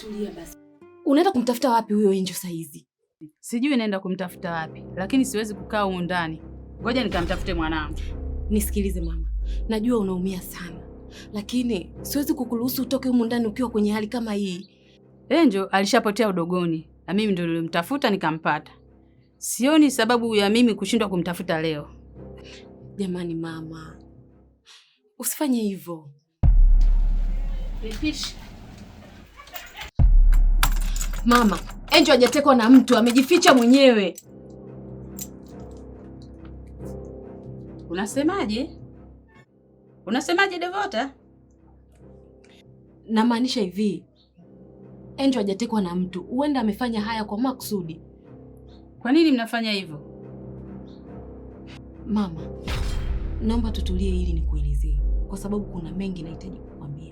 tulia basi. Unaenda kumtafuta wapi huyo Angel saa hizi? Sijui naenda kumtafuta wapi, lakini siwezi kukaa huko ndani. Ngoja nikamtafute mwanangu. Nisikilize mama, najua unaumia sana, lakini siwezi kukuruhusu utoke huko ndani ukiwa kwenye hali kama hii. Angel alishapotea udogoni na mimi ndio nilimtafuta nikampata. Sioni sababu ya mimi kushindwa kumtafuta leo. Jamani mama, usifanye hivyo. Nipishe. Mama, Angel hajatekwa na mtu, amejificha mwenyewe. Unasemaje? Unasemaje Devota? Namaanisha hivi, Angel hajatekwa na mtu, huenda amefanya haya kwa makusudi. Kwa nini mnafanya hivyo? Mama, naomba tutulie ili nikuelezee, kwa sababu kuna mengi nahitaji kukwambia.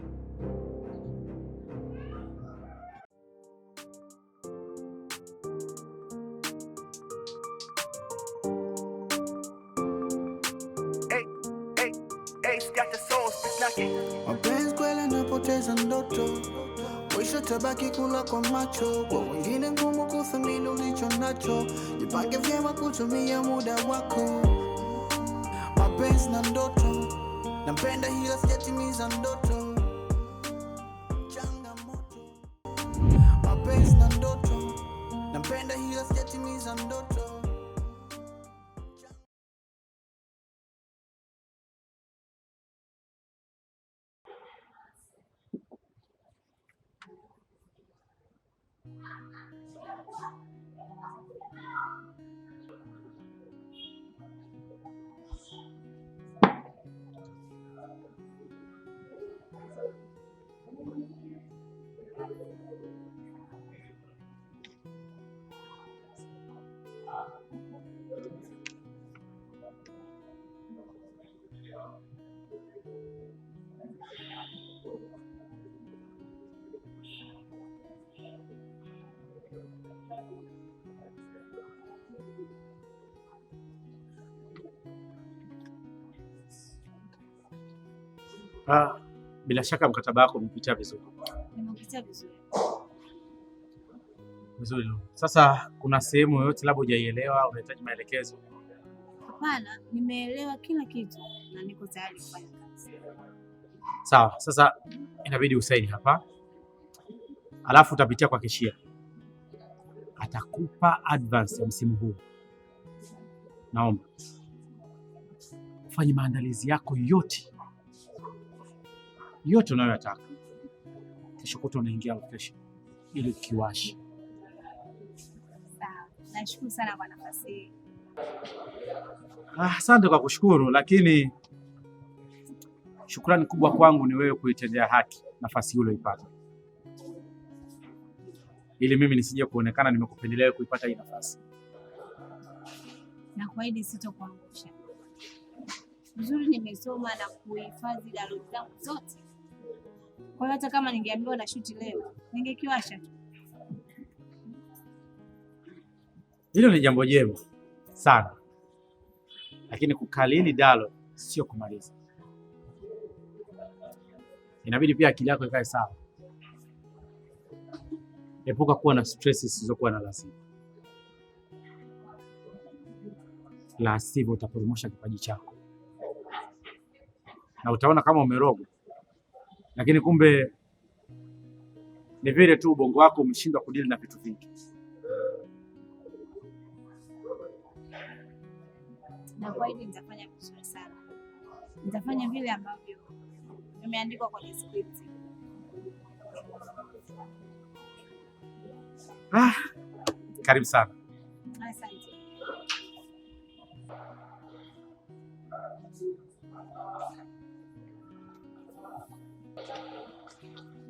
kwa macho, kwa wengine ngumu kuthamini ulicho nacho. Jipange vyema kutumia muda wako, mapenzi na ndoto. Nampenda hila sijatimiza ndoto Ah, bila shaka mkataba wako umepitia vizuri. vizuri. Sasa kuna sehemu yoyote labda hujaielewa unahitaji maelekezo? Hapana, nimeelewa kila kitu na niko tayari kufanya kazi. Sawa, sasa inabidi usaini hapa. Alafu utapitia kwa kishia. Atakupa advance ya msimu huu. Naomba ufanye maandalizi yako yote yote unayoyataka. Kesho kuta unaingia location ili ukiwashe. Nashukuru sana kwa nafasi hii. Ah, asante ah, kwa kushukuru, lakini shukrani kubwa kwangu ni wewe kuitendea haki nafasi hii uliyoipata, ili mimi nisije kuonekana nimekupendelea kuipata hii nafasi. Na sitokuangusha. Uzuri nimesoma na kuhifadhi dalo zangu zote kwa hiyo hata kama ningeambiwa na shuti leo ningekiwasha tu. Hilo ni jambo jema sana, lakini kukalili dalo sio kumaliza. Inabidi pia akili yako ikae sawa. Epuka kuwa na stress zisizokuwa na lazima, la sivyo utaporomosha kipaji chako na utaona kama umerogwa lakini kumbe ni vile tu ubongo wako umeshindwa kudili na vitu vingi. Na kwa hivyo nitafanya vizuri sana, nitafanya vile ambavyo vimeandikwa kwenye script. Ah, karibu sana.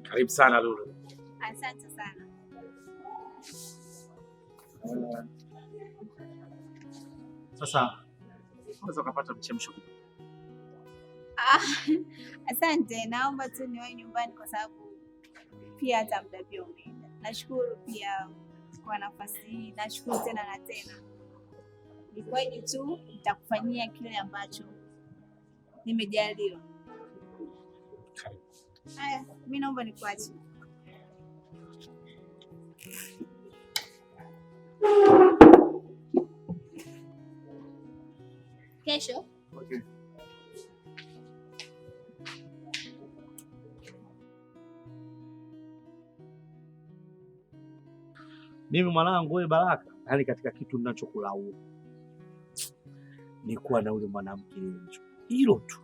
Karibu sana Lulu. Asante sana. Sasa unaweza kupata mchemsho. Ah, asante. Naomba tu niwe nyumbani kwa sababu pia hata muda pia umeenda. Nashukuru pia kwa nafasi hii. Nashukuru tena na tena. Ni kweli tu nitakufanyia kile ambacho nimejaliwa. Karibu. Haya, mimi naomba nikuache. Kesho okay. Mimi mwanangu, wewe Baraka, yani katika kitu ninachokulaumu ni kuwa na ule mwanamke, hilo tu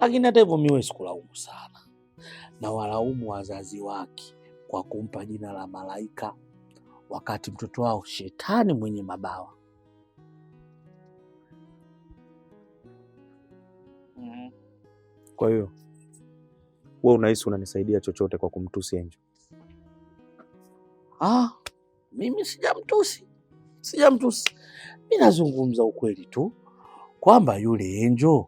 lakini hata hivyo mimi sikulaumu sana, na walaumu wazazi wake kwa kumpa jina la malaika wakati mtoto wao shetani mwenye mabawa mm-hmm. Kwa hiyo wewe unahisi unanisaidia chochote kwa kumtusi Angel? Ah, mimi sijamtusi, sijamtusi. Mimi nazungumza ukweli tu kwamba yule Angel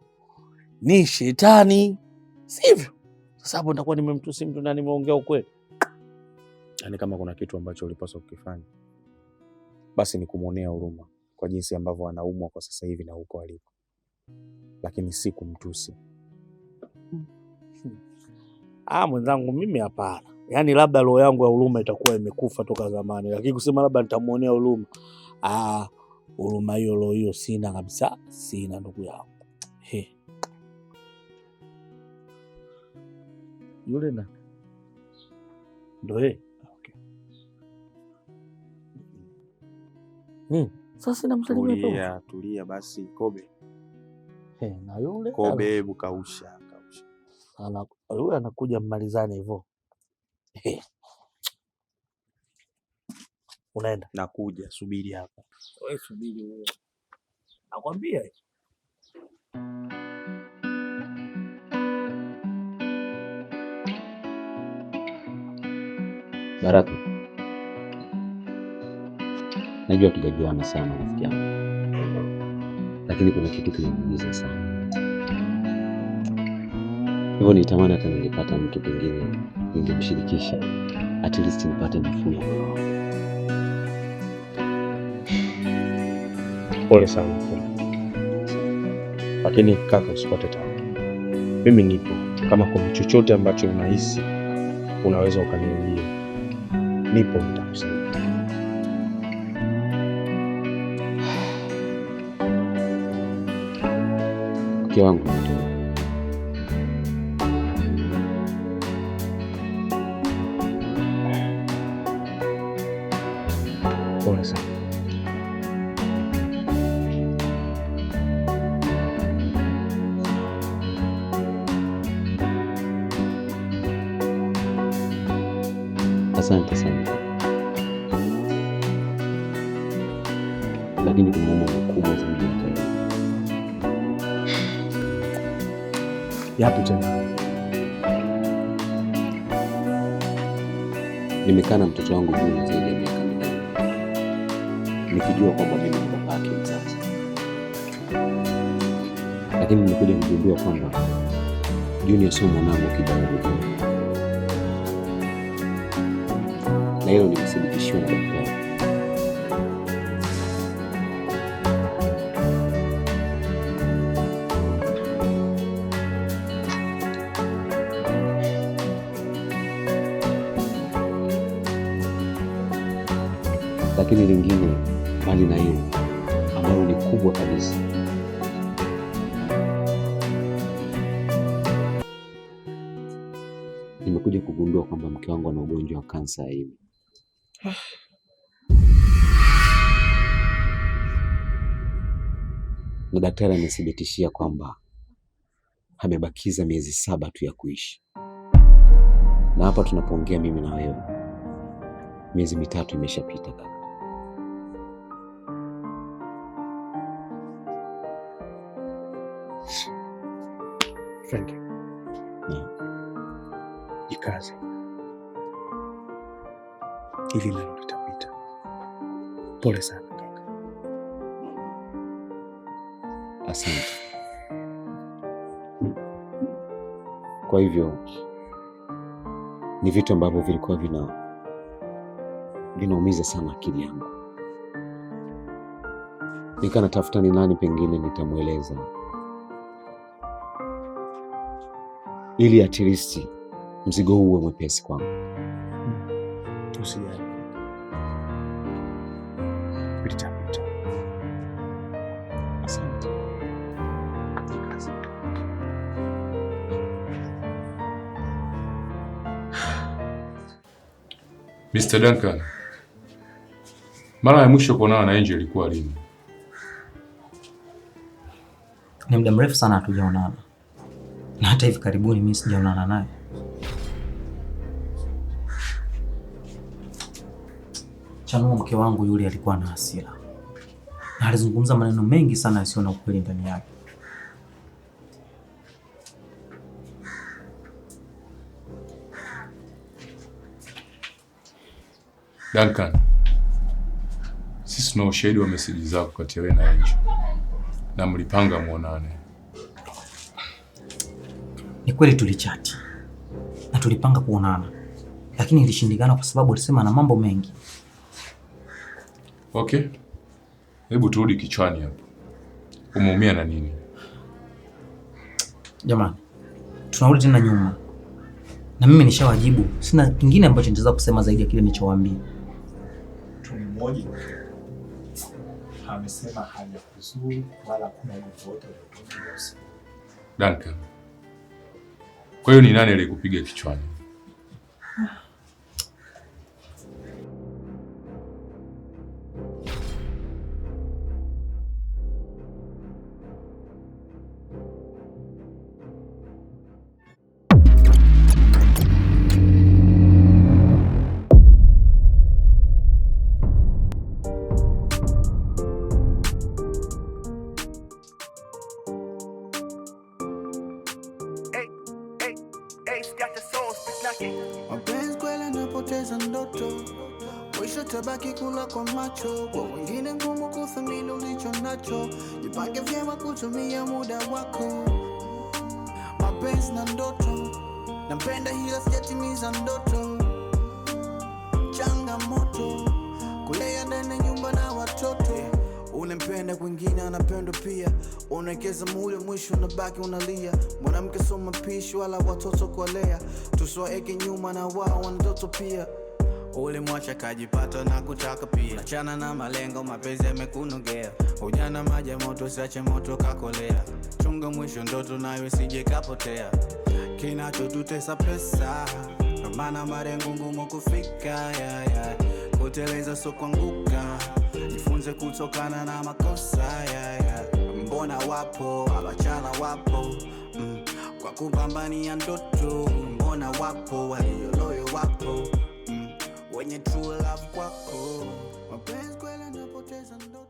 ni shetani, sivyo? Sasa hapo nitakuwa nimemtusi mtu na nimeongea ukweli. Yaani, kama kuna kitu ambacho ulipaswa kukifanya, basi ni kumwonea huruma kwa jinsi ambavyo anaumwa kwa sasa hivi na huko alipo, lakini si kumtusi. Hmm. Ah, mwenzangu, mimi hapana. Yaani labda roho yangu ya huruma itakuwa imekufa toka zamani, lakini kusema labda nitamwonea huruma, ah, huruma hiyo, roho hiyo sina kabisa, sina ndugu yangu. yule na ndoe okay. hmm. Sasa namsalimia tulia basi kobe hey, na yule kobe hebu kausha ana yule anakuja mmalizane hivyo hey. Unaenda nakuja, subiri hapa wewe, subiri wewe, nakwambia Baraka, najua tujajuana sana rafiki yangu, lakini kuna kitu kinaniumiza sana, hivyo nitamani hata nilipata mtu pengine ningemshirikisha, at least nipate nafuu. Pole sana lakini kaka, usipate tabu, mimi nipo. Kama kuna chochote ambacho unahisi unaweza ukaniambia nipo nitakusaidia. Mke wangu lakini kumuuma mkubwa zaidi ya yapi tena? Nimekaa na mtoto wangu Juma zaidi ya miaka minane nikijua kwamba mimi ni baba yake mzazi, lakini nimekuja kugundua kwamba Junior sio mwanangu kibiolojia, na hilo nimesadikishiwa na lakini lingine mbali na hilo ambalo ni kubwa kabisa nimekuja kugundua kwamba mke wangu ana ugonjwa wa kansa ya ini. Na daktari amethibitishia kwamba amebakiza miezi saba tu ya kuishi, na hapa tunapoongea mimi na wewe, miezi mitatu imeshapita. Frank, ni jikaze, hili nalo litapita. Pole sana kaka. Asante. Kwa hivyo ni vitu ambavyo vilikuwa vina vinaumiza sana akili yangu, nikaa natafuta ni nani pengine nitamweleza ili atilisti mzigo huu uwe mwepesi kwangu. Usijali, Asante. Mr. Duncan, mara ya mwisho kuonana na Angel ilikuwa lini? Ni muda mrefu sana hatujaonana na hata hivi karibuni mimi sijaonana naye. Chanua mke wangu yule alikuwa na hasira na alizungumza maneno mengi sana yasiyo na ukweli ndani yake. Duncan, sisi tuna ushahidi wa meseji zako kati ya wewe na Angel na mlipanga muonane ni kweli tulichati na tulipanga kuonana, lakini ilishindikana kwa sababu alisema na mambo mengi. Okay, hebu turudi kichwani hapo. Umeumia na nini? Jamani, tunarudi tena nyuma, na mimi nishawajibu. Sina kingine ambacho nitaweza kusema zaidi ya kile nilichowaambia. Mmoja amesema hajakuzuru wala kuna wote. Duncan kwa hiyo ni nani aliyekupiga kichwani? kupoteza ndoto, mwisho tabaki kula kwa macho. Kwa wengine ngumu kuthamini ulicho nacho, jipange vyema kutumia muda wako. Mapenzi na ndoto, nampenda hila sijatimiza ndoto Unempenda kwingine anapendwa pia, unaekeza muyo mwisho unabaki unalia. Mwanamke so mapishi wala watoto kualea, tusiwaeke nyuma na wao wana ndoto pia. Ulimwacha kajipata na kutaka pia, achana na malengo, mapenzi yamekunogea. Ujana maji ya moto, siache moto kakolea. Chunga mwisho ndoto nayo sije kapotea. Kinachotutesa pesa, maana marengo ngumu kufika. Yeah, yeah. Kuteleza sio nifunze kutokana na makosa yeah, yeah. Mbona wapo wabachana wapo mm. Kwa kupambania ndoto, mbona wapo walioloyo wapo mm. Wenye true love kwako, mapenzi kweli yanapoteza ndoto.